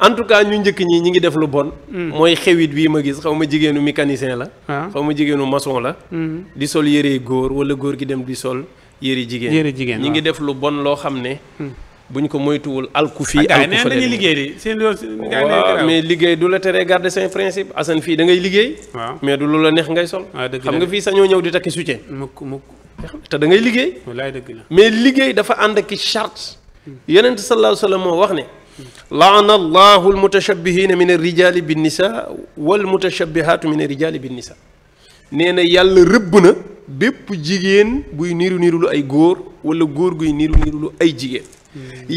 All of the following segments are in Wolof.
en tout cas ñu njëkk ñi ñi ngi def lu bon. Mm. mooy xewit bii ma gis xaw ma jigéenu mécanicien la. Ah. xaw ma jigéenu mason la. Mm. di sol yére góor wala góor gi dem di sol yëre jigéen. yëre jigéen ñi ngi def lu bon loo xam ne. Mm. buñ ko moytuwul alku fii. Ah, alku liggéey de mais liggéey du la teree garder seen principe Assane fii dangay ngay liggéey. mais du lu la neex ngay sol. Ah, xam nga fii sañoo ñëw di takki soutien. mukk te da ngay liggéey. wallaay dëgg la mais liggéey dafa ànd ak i charte. yonent sallallahu alayhi moo wax ne laana allahu almutashabihiina min alrijali binnisa walmutashabihaatu min alrijali binnisa nee na yàlla rëbb na bépp jigéen buy niru niru lu ay góor wala góor guy niru niru lu ay jigéen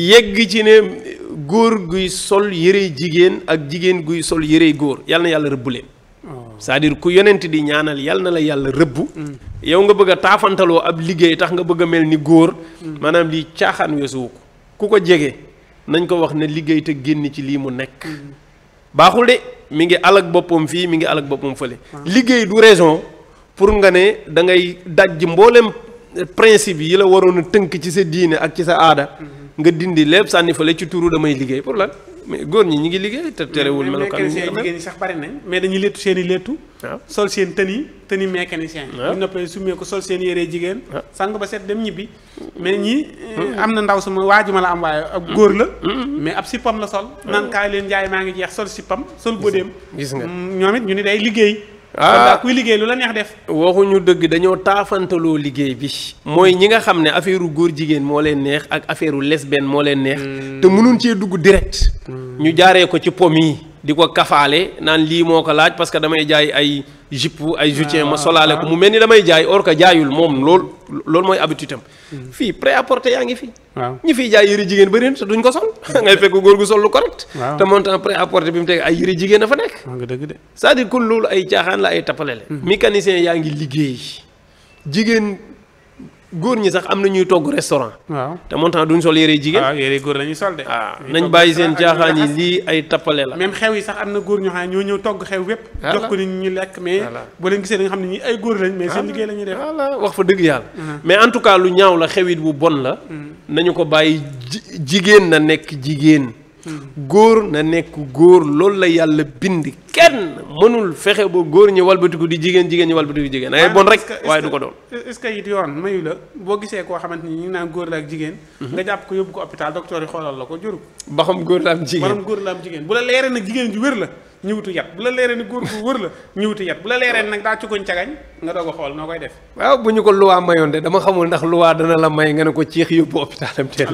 yegg ci ne góor guy sol yërey jigéen ak jigéen guy sol yërey góor yàlla na yàlla rëbb leen oh. cest à ku yonent di ñaanal yàlla na la yàlla rëbb mm. yow nga bëgg a taafantaloo ab liggéey tax nga bëgg a mel ni góor mm. maanaam lii caaxaan weesuwu ko ku ko jege nañ ko wax ne liggéey te génn ci lii mu nekk mm. baaxul de mi ngi alag boppam fii mi ngi alag boppam fële ah. liggéey du raison pour nga ne da ngay dajj mboolem principe yi la waroon a tënk ci sa diine ak ci sa aada mm-hmm. nga dindi lépp sànni fële ci turu damay liggéey pour la mais góor ñi ñu ngi liggéey te terewul melokaan yi jigéen ñi sax bari nañ mais dañuy léttu seen i léttu waaw ah. sol seen tëni tëni mécanicien ah. bu noppee summee ko sol seen yéree jigéen ah. sang ba set dem ñibbi mais ñii am na ndaw sama ma la am waaye ak góor la mais ab sippam la sol naan kaay leen jaay maa ngi jeex sol sippam sol bëdéem gis nga mm, ñoom it ñu ni day liggéey ah kuy liggéey lu la neex def. waxuñu dëgg dañoo taafantaloo liggéey bi. mooy ñi nga xam ne affaire góor jigéen moo leen neex ak affaire lesbienne moo leen neex. Hmm. te mënuñ cee dugg direct. Hmm. ñu jaaree ko ci pom yi. di ko kafaale naan lii moo ko laaj parce que damay jaay ay jupe ay soutien ma ah, solaale ko ah. mu mel ni damay jaay or que jaayul moom lool loolu mooy habitude am. Hmm. fii prêt-à-porter yaa ngi fi. waaw ñi fiy jaay yëri jigéen bëri na duñ ko sol. ngay fekk góor gu sol lu correct. te montant prêt à bi mu teg ay yëre jigéen a fa nekk. nga dëgg de ay caaxaan la ay tappale la mhm. yaa ngi liggéey jigéen góor ñi sax am na ñuy togg restaurant. waaw te tax duñ sol yére jigéen. waaw ah, yére góor la ñuy sol de. Ah, nañ bàyyi seen caaxaan yi lii ay tappale la. même xew yi sax am na góor ñoo xam ne ñoo ñëw togg xew yépp jox ko nit ñi lekk mais. boo leen gisee da xam ne ñi ay góor lañ. mais seen liggéey la ñuy def. wax fa dëgg yàlla. Uh-huh. mais en tout cas lu ñaaw la xewit bu bon la. Mm-hmm. nañu ko bàyyi jigéen na nekk jigéen. Mm-hmm. góor na nekk góor loolu la yàlla bind kenn mënul fexe ba góor ñi walbatiku di jigéen jigéen ñi walbatiku di jigéen. ay bon rek waaye du ko doon. est-ce que it yoon mayu la boo gisee koo xamante ni ñu ngi naan góor la ak mhm. nga la ko juru. ba xam góor la am jigéen ba xam góor la am jigéen bu la la ñëwutu yat bu la leeree ni góor gu wër la nga doog xool noo koy def. waaw bu ñu ko luwaa mayoon de dama xamul ndax luwaa dana la may nga ne ko ciix yóbbu hôpital am teel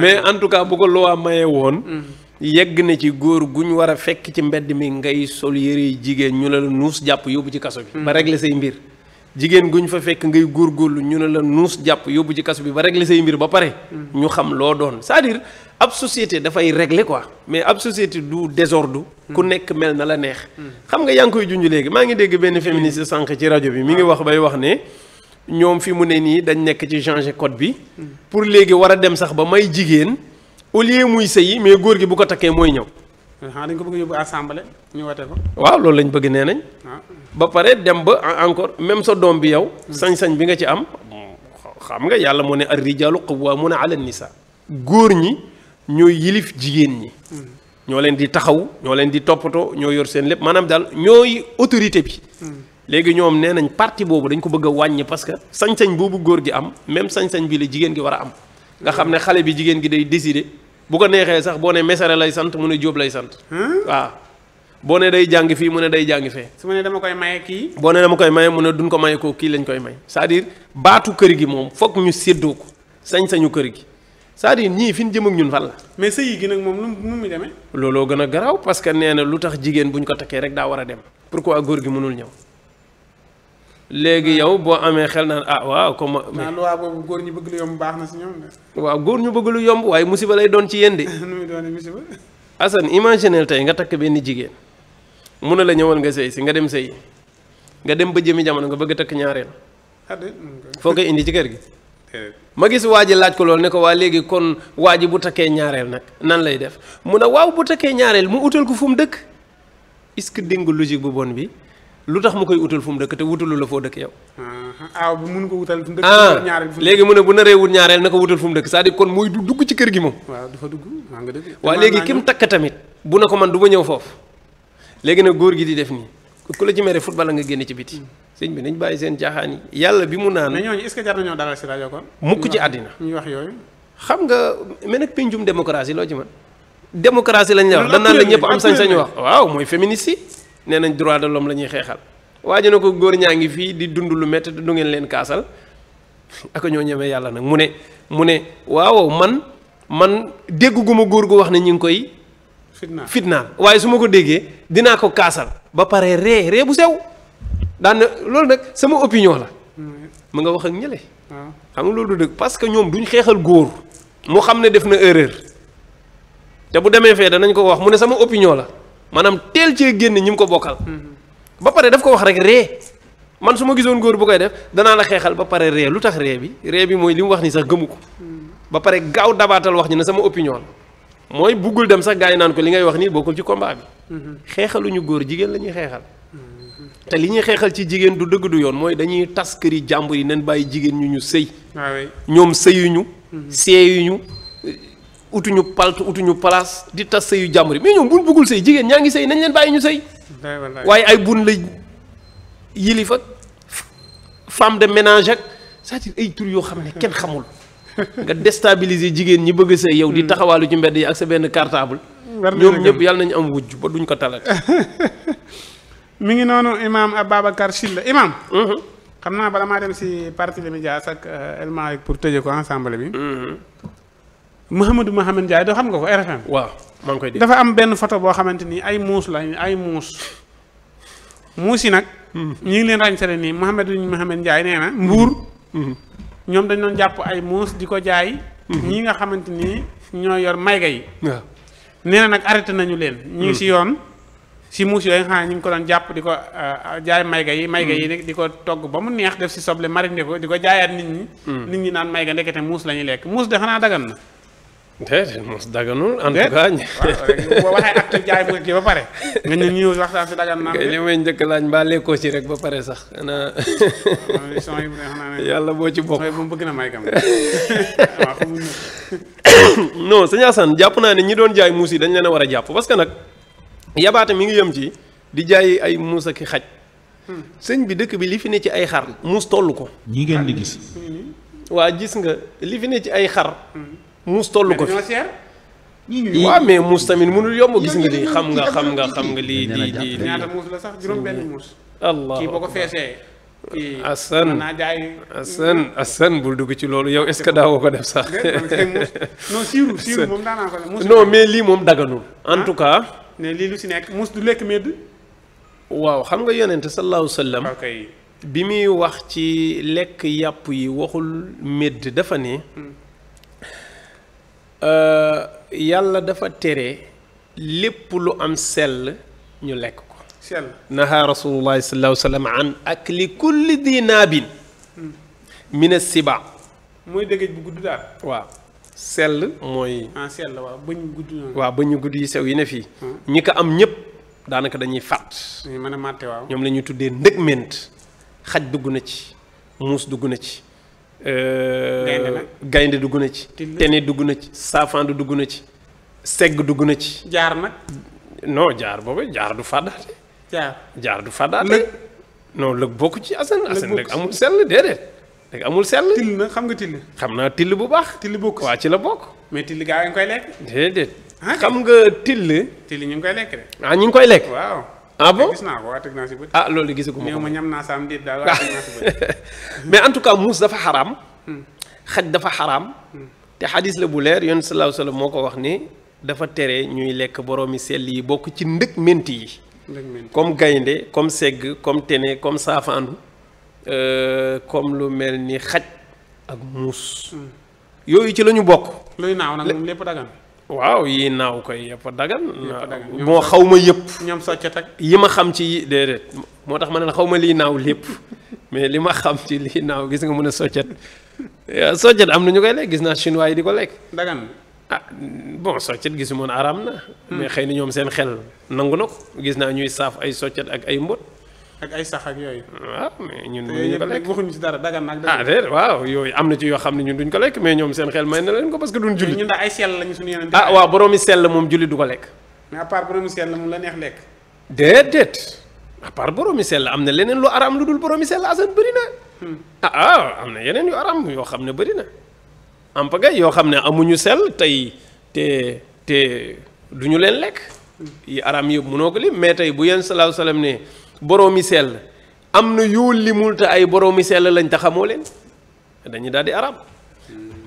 mais en tout cas bu ko luwaa mayee woon mhm. yegg na ci góor gu ñu war a fekk ci mbedd mi ngay sol yëre jigéen ñu ne la nuus jàpp yóbbu ci kaso bi. Hmm. ba regle say mbir jigéen gu ñu fa fekk ngay góor góorgóorlu ñu ne la nuus jàpp yóbbu ci kaso bi ba régler say mbir ba pare. Hmm. ñu xam loo doon cest à ab société dafay régler ko mais ab société du désordre. Hmm. ku nekk mel na la neex. xam nga yaa ngi koy junj léegi maa ngi dégg benn féministe sànq ci rajo bi mu ngi ah. wax bay wax ne. ñoom fi mu ne nii dañ nekk ci changer code bi. pour léegi war a dem sax ba may jigéen. au lieu muy yi mais góor gi bu ko takkee mooy ñëw. ah dañ ko bëgg yóbbu assemblée ñu wote waaw loolu lañ bëgg nee nañ. Ah. ba pare dem ba encore même sa doom bi yow. Hmm. sañ-sañ bi nga ci am. xam nga yàlla moo ne ar-rijaalu qawwaamuuna ala nisaa. góor ñi ñooy yilif jigéen ñi. Hmm. ñoo leen di taxaw ñoo leen di toppatoo ñoo yor seen lépp maanaam daal ñooy autorité bi. Hmm. léegi ñoom nee nañ parti boobu dañ ko bëgg wàññi parce que sañ-sañ boobu góor gi am même sañ-sañ bi la jigéen gi war a am. nga xam ne xale bi jigéen gi day décider. bu ko neexee sax boo ne mesere lay sant mu ne jóob lay sant waaw boo ne day jàng fii mu ne day jàng fee su ma ne dama koy maye kii boo ne dama koy maye mu ne duñ ko maye koo kii lañ koy may cest à baatu kër gi moom foog ñu séddoo ko sañ-sañu kër gi cest à ñii fi jëm ak ñun fan la. mais sëy gi nag moom nu mu nu demee. looloo gën a garaaw parce que nee na lu tax jigéen bu ñu ko takkee rek daa war a dem. pourquoi góor gi mënul ñëw. léegi yow boo amee xel naan ah waaw comme. mais loi boobu góor ñu bëgg lu yomb baax na waaw góor ñu bëgg lu yomb waaye musiba lay doon ci yéen de. nu muy doonee musiba. Assane imagineel tey nga takk benn jigéen mun na la ñëwal nga sëy si nga dem sëy nga dem ba jëmi jamono nga bëgg a takk ñaareel. Ah, foo koy indi ci kër gi. ma gis waa ji laaj ko loolu ne ko waa léegi kon waa bu takkee ñaareel nag nan lay def mun a waaw bu takkee ñaareel mu utal ko fu mu dëkk est-ce que dégg logique bu bon bi. lu tax mu koy utal fu mu dëkk te wutalu la foo dëkk yow. Uh-huh. ah bu ko wutal fu mu dëkk. Ah, ñaareel mu léegi mu ne bu naree wut ñaareel na ko wutal fu mu dëkk c'est-à-dire kon mooy dugg ci kër gi moom. waaw du fa dugg maa nga dëgg. léegi kim takk tamit bu na ko man du ma ñëw foofu léegi nag góor gi di def nii ku la ci mere football la nga génn ci biti. sëñ bi nañ bàyyi seen jaaxaan yi yàlla bi mu naan. mais ñooñu est-ce que jar nañoo dalal si rajo kon. mukk ci àddina wax yooyu. xam nga mais nag pencum démocratie loo ci man démocratie lañ la wax. danaan la ñëpp am sañ-sañ wax waaw mooy féministe nee nañ droit de l'homme la ñuy xeexal waaji na ko góor ñaa ngi fii di dund lu métti du ngeen leen kaasal aka ñoo ñemee yàlla nag mu ne mu ne waaw man man dégguma góor gu wax ne ñu ngi koy. fitnaal fitnaal waaye su ma ko déggee dinaa ko kaasal. ba pare ree ree bu sew daan loolu nag sama opinion la. mu nga wax ak ñële. xam nga loolu du dëgg parce que ñoom duñ xeexal góor. mu xam ne def na erreur te bu demee fee danañ ko wax mu ne sama opinion la. maanaam teel cee génne ñi mu ko bokkal. ba pare daf ko wax rek ree man su ma gisoon góor bu koy def danaa la xeexal ba pare ree lu tax ree bi ree bi mooy li mu wax ni sax gëmu ko. ba pare gaaw dabaatal wax ñu ne sama opinion la mooy buggul dem sax gars yi naan ko li ngay wax nii bokkul ci combat bi. ñu góor jigéen la ñuy xeexal. te li ñuy xeexal ci jigéen du dëgg du yoon mooy dañuy tas kër yi jàmbur yi nen bàyyi jigéen ñu ñu sëy. Ah ñoom sëyuñu. Mhm. yu ñu utuñu palt utuñu place di tas sëyu jàmbur yi mais ñoom bu ñu bëggul sëy jigéen ñaa ngi sëy nañ leen bàyyi ñu sëy waaye ay bun la yilifa ak de ménage ak cest à ay tur yoo xam ne kenn xamul nga déstabiliser jigéen ñi bëgg sëy yow di hmm. taxawaalu ci mbedd yi ak sa benn cartable ñoom ñëpp yàlla nañu am wujj ba duñ ko talat mu ngi noonu imaam Ababacar Sylla imaam mm-hmm. xam naa bala maa dem si parti les médias ak élément euh, pour tëje ko ensemble bi mm-hmm. Mouhamadou Mouhamed Ndiaye doo xam nga ko RFM. waaw maa ngi dafa am benn foto boo xamante ni ay muus la ay muus muus yi nag. Hmm. ñu ngi leen ràññisale nii Mouhamadou Mouhamed Ndiaye nee na mbuur. Hmm. ñoom dañ doon jàpp ay muus di ko jaay. Hmm. ñi nga xamante ni ñoo yor mayga yi. waaw na nag arrêté nañu leen. ñu ngi si yoon si muus yooyu nga xam ne ñu ngi ko doon jàpp di ko euh, jaay mayga yi. mayga yi di ko togg ba mu neex def si soble marine ko di ko jaayaat nit ñi. nit ñi naan mayga ndekete muus la ñuy lekk muus de xanaa dagan na. déedéet mos daganul en tout boo waxee ak jaay mu ci ba pare. nga ñu ñëw waxtaan si dagan naa. li may njëkk laaj mbaa lekkoo si rek ba pare sax. xanaa yàlla boo ci bokk. bëgg na may kam non sëñ Assane jàpp naa ne ñi doon jaay muus yi dañ leen a war a jàpp parce que nag yabaate mi ngi yëm ci di jaay ay muus ak xaj. Hmm. sëñ bi dëkk bi li fi ne ci ay xar muus toll ko. ñi ngeen di gis. waa gis nga li fi ne ci ay xar. Hmm. muus toll ko fi waaw mais muus tamit mënul yomb gis nga li xam nga xam nga xam nga lii di di ñaata muus la sax juróom benn mm. muus allah kii ko feesee asan asan asan bul dugg ci loolu yow est-ce que daawoo ko def sax non siiru siiru moom daanaa ko mais lii moom daganul ah, en tout cas ne lii lu si nekk muus du lekk medd waaw xam nga yonente sallallahu sallam bi muy wax ci lekk yàpp yi waxul medd dafa ne hmm. Euh, yàlla dafa téere lépp lu am sell ñu lekk ko sell naha rasulullahi sallallahu sallam an akli kulli dinaabin hmm. mina mooy dëgëj bu gudd daal waaw sell mooy ah sell waaw bëñ gudd waaw bëñ gudd yi sew yi ne fii hmm. ñi ko am ñépp daanaka dañuy fàtt mën a màtte ñoom lañuy tuddee ndëg ment xaj dugg na ci muus dugg na ci Euh, gaynde dugg na ci tene dugg na ci saafaandu dugg na ci segg dugg na ci jaar nag non jaar boobu jaar du fàddaate jaar jaar du fàddaate non lëg bokk ci asan asan lëg amul sell déedéet lëg amul sell till na xam nga till xam naa till bu baax till bokk waa ci la bokk mais till gaa yi nga koy lekk déedéet ah, xam nga till till ñu ngi koy lekk de ah ñu ngi koy lekk waaw ah bon gis naa ko waaye ah loolu gisagu ko ko ma ñam naa saam déet daal waaye naa si mais en tout cas muus dafa xaram hmm. xaj dafa xaram hmm. te xadis la bu leer yoon salaahu salaam moo ko wax ni dafa tere ñuy lekk boroomi sell yi bokk ci ndëg ment yi comme gaynde comme segg comme tene comme saafaandu euh, comme lu mel ni xaj ak muus hmm. yooyu ci lañu ñu bokk luy naaw nag lépp dagan waaw yi naaw koy yëpp dagan moo xaw ma yëpp ñoom soccet ak yi ma xam ci yi déedéet moo tax ma ne la xaw ma lii naaw lépp mais li ma xam ci lii naaw gis nga mën a soccet eh, soccet am na ñu koy lekk gis naa chinois yi di ko lekk dagan ah bon soccet gisu moon araam na hmm. mais xëy na ñoom seen xel nangu na ko gis naa ñuy saaf ay soccet ak ay mbot ak ay sax ak yooyu. waaw mais ñun mënuñu ko lekk waxuñu ci dara dagan nag. ah déedéet waaw yooyu am na ci yoo xam ne ñun duñ ko lekk mais ñoom seen xel may na leen ko parce que duñ julli. ñun daal ay sell lañu suñu yeneen. ah waaw boroomi sell moom mais la am na leneen lu araam lu dul boroomi sell asan bëri na. Hmm. ah ah am na yeneen yu araam yoo xam ne bëri na. am pagay yoo xam ne amuñu sell tey te te duñu leen lekk. Hmm. yi araam yëpp mënoo ko lim mais tey bu yéen salaahu salaam ne boroomi sell am na yoo limul te ay boroomi sell lañ te xamoo leen dañuy daal di arab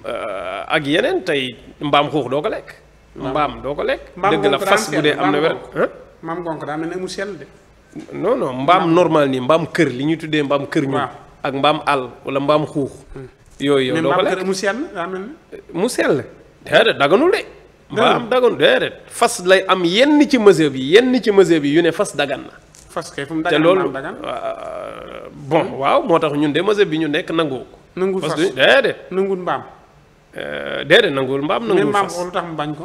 euh, ak yeneen tey mbaam xuux doo ko lekk. mbaam doo ko lekk. dëgg la fas bu dee am na wér. mbaam gonk daa mel ne mu mbaam normal nii mbaam kër li ñuy tuddee mbaam kër ñun. ak mbaam àll wala mbaam xuux. Hmm. yooyu yow doo ko lekk mu sell daa daganul de. mbaam daganul déedéet fas lay am yenn ci mesure bi yenn ci mesure bi yu ne fas dagan na. fas kay fu mu dagan te loolu euh, bon hmm? waaw moo tax ñun de mase bi ñu nekk nangoo ko. nanguwul fas parce que déedéet. nanguwul de euh, déedéet nanguwul mbaam. nanguwul lu tax mu bañ ko.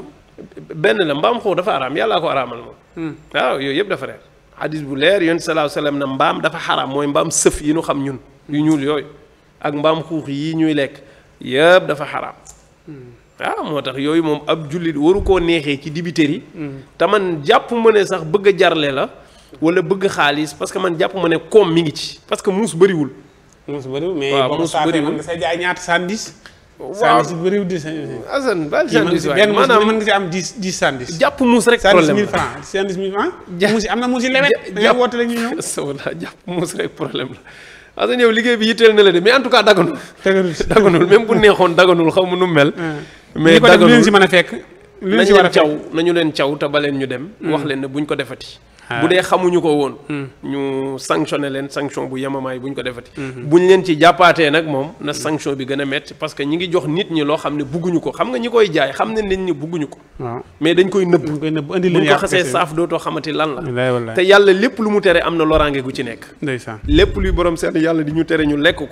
benn la mbaam xoo dafa araam yàllaa ko araamal moom. Hmm. waaw yooyu yëpp dafa reer. hadis bu leer yonent salaahu salaam na mbaam dafa xaraam mooy mbaam sëf yi nu xam ñun. yu ñuul yooyu ak mbaam xuux yi ñuy lekk yëpp dafa xaraam. Hmm. waaw moo tax yooyu moom ab jullit waru koo neexee ci dibiteri yi. te man jàpp ma sax bëgg a jarle la. wala bëgg xaalis parce que man jàpp ma ne koom mi ngi ci parce que muus bëriwul. muus bëriwul mais muus bëriwul nga say jaay ñaata sandis. waaw sandis bëriwul di asan baal sandis waay maanaam mën nga si am dix dix sandis. jàpp muus rek problème la sandis mille francs sandis mille francs. am na muus yi lewet. da ngay woote rek ñu ñëw. astafurlah jàpp muus rek problème la. asan yow liggéey bi yitteel na la de mais en tout cas daganul. daganul même bu neexoon daganul xaw ma nu mel. Ah. mais daganul li ko def lu leen si mën a fekk. lu leen si war a fekk nañu leen caw nañu leen caw te ba leen ñu dem. Mm. wax leen ne buñ ko defati Ah. bu dee xamuñu ko woon. Hmm. ñu sanctionné leen sanction bu yemamaay buñ ko defati. Hmm. ñu leen ci jàppaatee nag moom na sanction bi gën a métti parce que ñi ngi jox nit ñi loo xam ne bugguñu ko xam nga ñi koy jaay xam ne nit ñi bugguñu ko. mais dañ koy nëbb. dañ koy nëbb indi leen buñ ko xasee saaf dootoo xamati lan la. te yàlla lépp lu mu tere am na loraange gu ci nekk. ndeysaan lépp luy borom seen yàlla di ñu tere ñu lekk ko.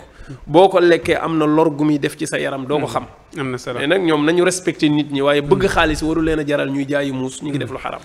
boo ko lekkee am na lor gu muy def ci sa yaram doo ko hmm. xam. am na solo mais nag ñoom nañu respecté nit ñi waaye bëgg xaalis waru leen a jaral ñuy jaayi muus ñu ngi def lu xaram